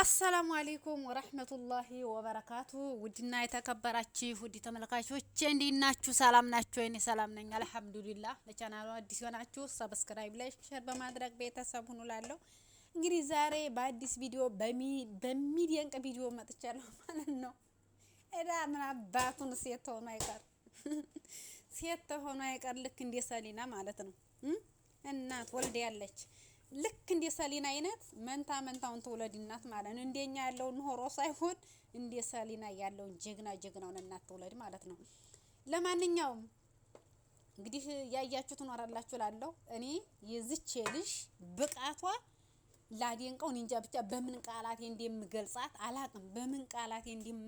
አሰላሙ አሌይኩም ወረህመቱላሂ ወበረካቱ። ውድና የተከበራችሁ ውድ ተመልካቾች እንዴት ናችሁ? ሰላም ናችሁ? እኔ ሰላም ነኝ አልሐምዱሊላህ። ለቻናሉ አዲስ የሆናችሁ ሰብስክራይብ፣ ላይክ፣ ሼር በማድረግ ቤተሰብ ሁኑ እላለሁ። እንግዲህ ዛሬ በአዲስ ቪዲዮ በሚደንቅ ቪዲዮ መጥቻለሁ ማለት ነው። እዳ ምን አባቱን ሴት ተሆኑ አይቀር ሴት ተሆኑ አይቀር ልክ እንደ ሰሊና ማለት ነው። እናት ወልድ ያለች ልክ እንደ ሰሊና አይነት መንታ መንታውን ትውለድ እናት ማለት ነው። እንደኛ ያለውን ሆሮ ሳይሆን እንደ ሰሊና ያለውን ጀግና ጀግናውን እናት ትውለድ ማለት ነው። ለማንኛውም እንግዲህ ያያችሁ ትኖራላችሁ ላለው እኔ የዝቼ ልጅ ብቃቷ ላዴንቀውን እንጃ ብቻ በምን ቃላቴ እንደምገልጻት አላቅም። በምን ቃላቴ እንደም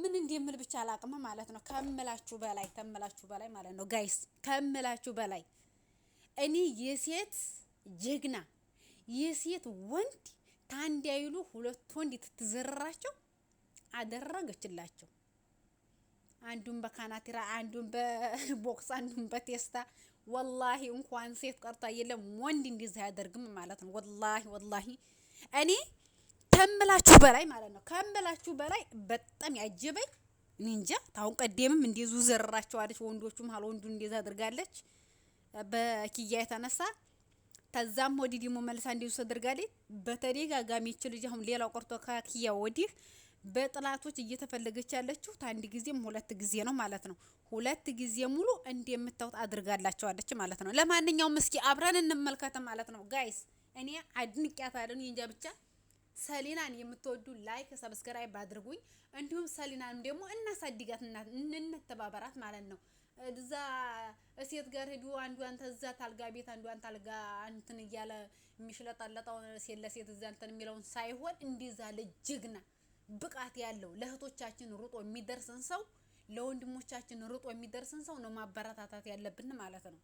ምን እንደምል ብቻ አላቅም ማለት ነው። ከምላችሁ በላይ ከምላችሁ በላይ ማለት ነው ጋይስ፣ ከምላችሁ በላይ እኔ የሴት ጀግና የሴት ወንድ ታንድ አይሉ ሁለት ወንድ ትትዘረራቸው አደረገችላቸው። አንዱን በካናቲራ አንዱን በቦክስ አንዱን በቴስታ ወላሂ እንኳን ሴት ቀርታ የለም ወንድ እንደዚህ አያደርግም ማለት ነው። ወላሂ ወላሂ እኔ ከምላችሁ በላይ ማለት ነው። ከምላችሁ በላይ በጣም ያጀበኝ እኔ እንጃ። ታሁን ቀደምም እንደዙ ዘርራቸዋለች፣ ወንዶቹ መሀል ወንዱ እንደዛ አድርጋለች በኪያ የተነሳ ከዛም ወዲህ ደግሞ መልሳ እንደዙ አድርጋለች በተደጋጋሚ ይች ልጅ። አሁን ሌላው ቀርቶ ከኪያ ወዲህ በጥላቶች እየተፈለገች ያለችው ታንድ ጊዜም ሁለት ጊዜ ነው ማለት ነው። ሁለት ጊዜ ሙሉ እንደምታውት አድርጋላቸዋለች ማለት ነው። ለማንኛውም እስኪ አብረን እንመልከት ማለት ነው ጋይስ። እኔ አድንቅያታለሁ እንጃ ብቻ ሰሊናን የምትወዱ ላይክ ሰብስክራይብ አድርጉኝ። እንዲሁም ሰሊናንም ደግሞ እናሳድጋት እንተባበራት ማለት ነው። እዛ እሴት ጋር ሄዱ አንዱ አንተ እዛ ታልጋ ቤት አንዱ አንተ አልጋ እንትን እያለ የሚሽለጣለጣው ሴት ለሴት እዛ እንትን የሚለውን ሳይሆን እንዲዛ ልጅግና ብቃት ያለው ለእህቶቻችን ሩጦ የሚደርስን ሰው ለወንድሞቻችን ሩጦ የሚደርስን ሰው ነው ማበረታታት ያለብን ማለት ነው።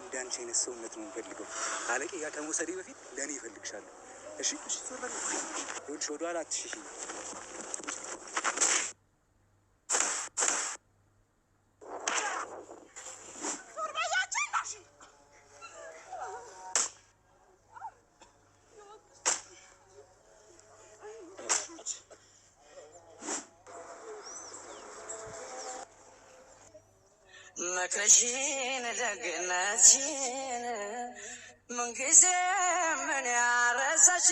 እንዳንቺ አይነት ሰውነት ነው የምፈልገው። አለቄ ጋር ከመውሰዴ በፊት ለእኔ ይፈልግሻለሁ። እሺ፣ እሺ፣ ወደኋላ አትሽሽ ምክርሽን ደግነትሽን ምንጊዜ ምን ያረሳሽ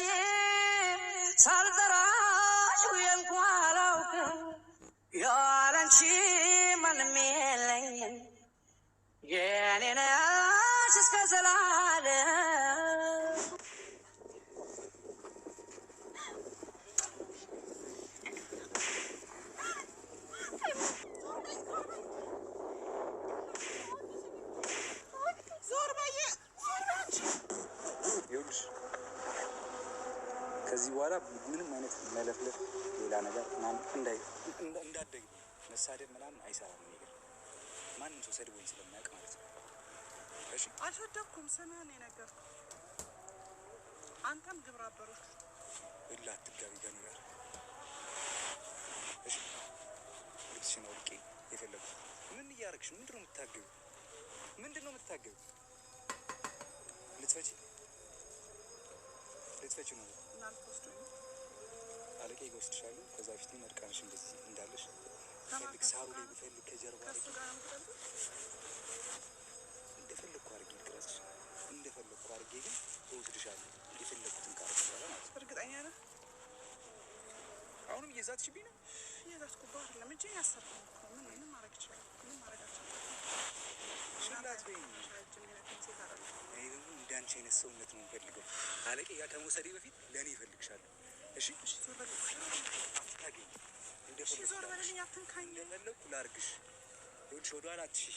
ሳልጠራሽ እንኳ አላውቅም ያለንቺ ማንም የለኝም የኔነ ከዚህ በኋላ ምንም አይነት መለፍለፍ፣ ሌላ ነገር እንዳደግ መሳደብ ምናምን አይሰራም። ነገር ማንም ሰው ሰድቦኝ ስለማያውቅ ማለት ነው። እሺ አልሰደብኩም፣ ስምህን የነገርኩህ አንተም ግብረ አበሮች እላ አትጋቢ ገኑ ጋር እሺ፣ ልብስሽን አውልቄ የፈለጉ ምን እያደረግሽ ምንድነው የምታገቢው? ምንድነው የምታገቢው ልትፈጪ ልትፈጪ ነው። አለቀ ይወስድሻሉ። ከዛ በፊት ግን እርቃንሽ እንደዚህ እንዳለሽ ፈልግ፣ ሳሩ ላይ ብፈልግ ከጀርባ እንደፈለግኩ አድርጌ ልቅረጽሽ፣ እንደፈለግኩ አድርጌ ግን እወስድሻለሁ። የፈለግኩትን ቃር ማለት እርግጠኛ ነህ? አሁንም እየዛትሽብኝ ነው። እየዛትኩብህ አይደለም። እጄን ያሰርኩ ምን ምንም ማድረግ ይችላል። ምንም ማድረግ አልችልም። እንዳንቺ አይነት ሰውነት ነው የምፈልገው። አለቄ ያ ከመውሰዴ በፊት ለእኔ ይፈልግሻለሁ። እሺ እንደፈለኩ ላድርግሽ። ወደኋላ አትሽሽ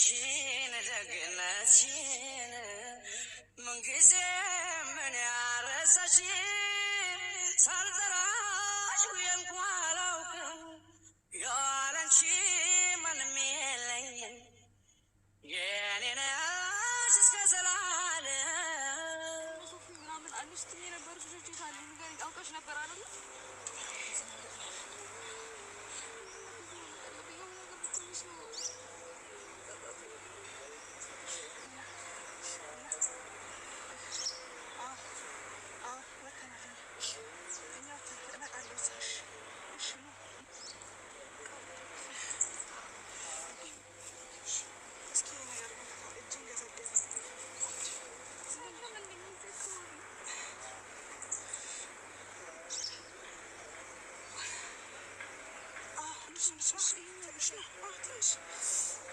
ፍቅርሽን ደግነትሽን ምንጊዜ ምን ያረሳሽ ሳልጠራሽ Şimdi çok iyi olmuş. Ah,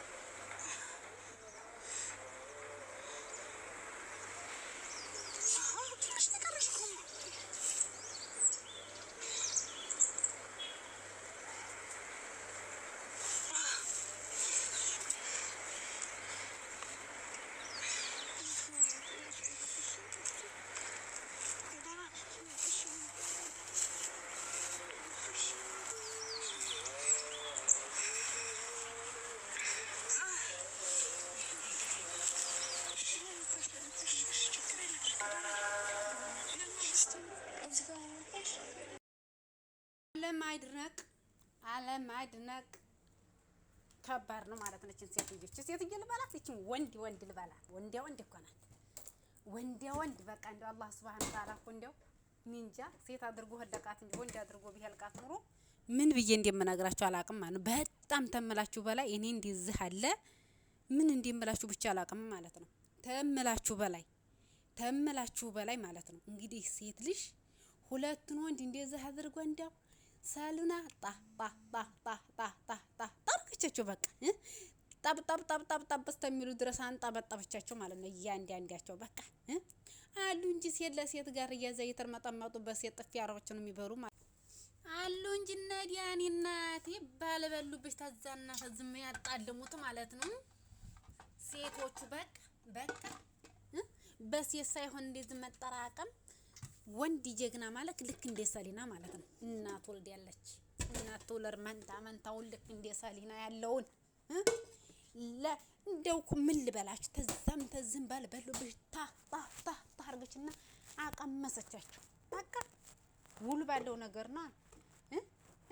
አለማድነቅ አለማድነቅ ከባድ ነው ማለት ነው። ሴት እችን ሴት ሴትዮ ልበላት፣ እቺ ወንድ ወንድ ልበላት። ወንዲያ ወንድ እኮ ናት፣ ወንዲያ ወንድ በቃ እንደው አላህ ሱብሃነሁ ወተዓላ እኮ እንደው ሚንጃ ሴት አድርጎ ህለቃት እንጂ ወንድ አድርጎ ቢሄልቃት ኑሮ ምን ብዬ እንደምናግራችሁ አላቅም ማለት ነው። በጣም ተምላችሁ በላይ እኔ እንደዚህ አለ ምን እንደምላችሁ ብቻ አላቅም ማለት ነው። ተምላችሁ በላይ ተምላችሁ በላይ ማለት ነው። እንግዲህ ሴት ልጅ ሁለቱን ወንድ እንደዚህ አድርጎ እንደው ሳሉና ጣ ጣ ጣ ጣ ጣ ጣ ጣ በቃ ጣብ እስከሚሉ ድረስ አንጣበጣበቻቸው ማለት ነው። እያንዳንዳቸው በቃ አሉ እንጂ ሴት ለሴት ጋር እያዛ እየተርመጠመጡ በሴት ጥፊ አሮች ነው የሚበሩ ማለት አሉ እንጂ ነዲያኔ እናቴ ባለበሉብሽ ታዛና ዝም ያጣልሙት ማለት ነው። ሴቶቹ በቃ በቃ በሴት ሳይሆን እንደዚህ መጠራቀም ወንድ ጀግና ማለት ልክ እንደ ሰሊና ማለት ነው። እናት ወልድ ያለች እናት ተወለር መንታ መንታውን ልክ እንደ ሰሊና ያለውን እንደው ምን ልበላችሁ ተዛም ተዝም ባል በሉብሽ ታ ታ ታ አድርገችና አቀመሰቻቸው። በቃ ውል ባለው ነገር ነው።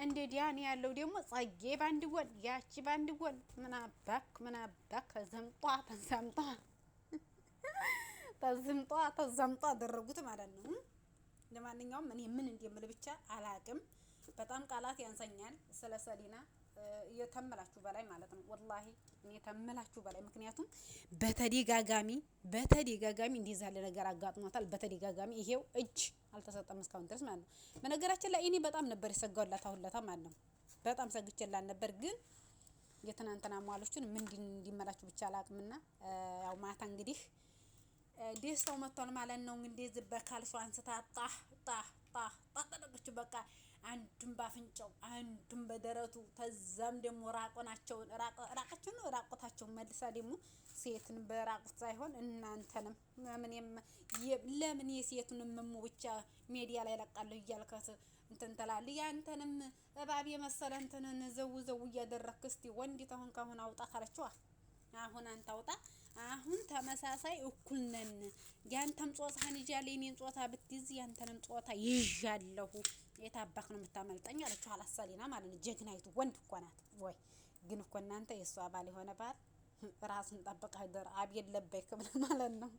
እንደ ዲያን ያለው ደግሞ ጸጌ ባንድ ወል ያቺ ባንድ አባክ ምናባክ አባክ ተዘምጧ ተዘምጧ ተዘምጧ ተዘምጧ አደረጉት ማለት ነው። ለማንኛውም እኔ ምን እንደምል ብቻ አላቅም። በጣም ቃላት ያንሰኛል ስለ ሰሊና የተመላችሁ በላይ ማለት ነው። ወላሂ እኔ የተመላችሁ በላይ ምክንያቱም በተደጋጋሚ በተደጋጋሚ እንዲህ ያለ ነገር አጋጥሟታል። በተደጋጋሚ ይሄው እጅ አልተሰጠም እስካሁን ድረስ ማለት ነው። በነገራችን ላይ እኔ በጣም ነበር የሰጋሁላት አሁለታ ማለት ነው። በጣም ሰግቼላት ነበር ግን የትናንትና ሟሎችን ምን እንዲመላችሁ ብቻ አላቅምና ያው ማታ እንግዲህ ደስታው መጥቷል ማለት ነው። እንደዚህ በካልፎ አንስታ ጣህ ጣህ ጣህ በቃ አንዱን ባፍንጫው፣ አንዱን በደረቱ ተዛም ደግሞ ራቆናቸውን ራቃቸውን ነው ራቆታቸውን መልሳ ደግሞ ሴትን በራቁት ሳይሆን እናንተንም ለምን የሴቱን ምሙ ብቻ ሜዲያ ላይ ለቃለሁ እያልከት እንትን ትላለህ። ያንተንም እባብ የመሰለ እንትንን ዘው ዘው እያደረግክ እስቲ ወንድ ተሆን ካሁን አውጣ ካለችዋ አሁን አንተ አውጣ አሁን ተመሳሳይ እኩል ነን። ያንተም ጾታህን ይዣለሁ የእኔን ጾታ ብትይዝ ያንተንም ጾታ ይዣለሁ። የታባክ ነው የምታመልጠኝ አለችው። አላሳሊና ማለት ነው። ጀግናይቱ ወንድ እኮ ናት ወይ ግን እኮ እናንተ የእሷ ባል የሆነ ባል ራስን ጠብቀህ ደር አብ የለበይ ክብለ ማለት ነው።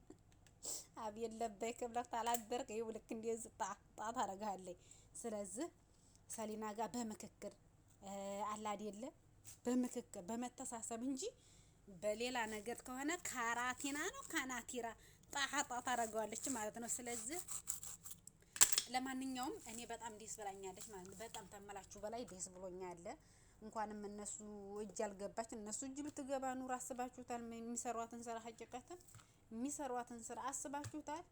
አብ የለበይ ክብለ ታላደርክ ይኸው ልክ እንደዚህ ጣጣ ጣ ስለዚህ ሰሊና ጋር በምክክር አላድ የለ በምክክር በመተሳሰብ እንጂ በሌላ ነገር ከሆነ ካራቲና ነው ካናቲራ ጣጣ ታደርገዋለች ማለት ነው። ስለዚህ ለማንኛውም እኔ በጣም ደስ ብላኛለች ማለት ነው። በጣም ተመላችሁ በላይ ደስ ብሎኛል። እንኳንም እነሱ እጅ አልገባች። እነሱ እጅ ብትገባ ኑር አስባችሁታል? የሚሰሯትን ስራ ሀቂቀትን የሚሰሯትን ስራ አስባችሁታል?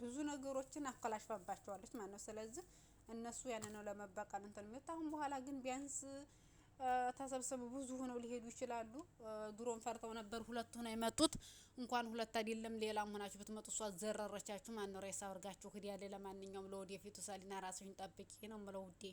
ብዙ ነገሮችን አኮላሽፋባቸዋለች ማለት ነው። ስለዚህ እነሱ ያንን ነው ለመበቀል እንትን የሚወጣ አሁን በኋላ ግን ቢያንስ ተሰብስበው ብዙ ሆነው ሊሄዱ ይችላሉ። ድሮም ፈርተው ነበር ሁለት ሆነው የመጡት። እንኳን ሁለት አይደለም ሌላም ሆናችሁ ብትመጡ እሷ ዘረረቻችሁ። ማን ነው ሬሳ አድርጋችሁ ክዲያ። ለማንኛውም ለወደፊቱ ሰሊና ራስሽን ጠብቂ ነው የምለው ውዴ።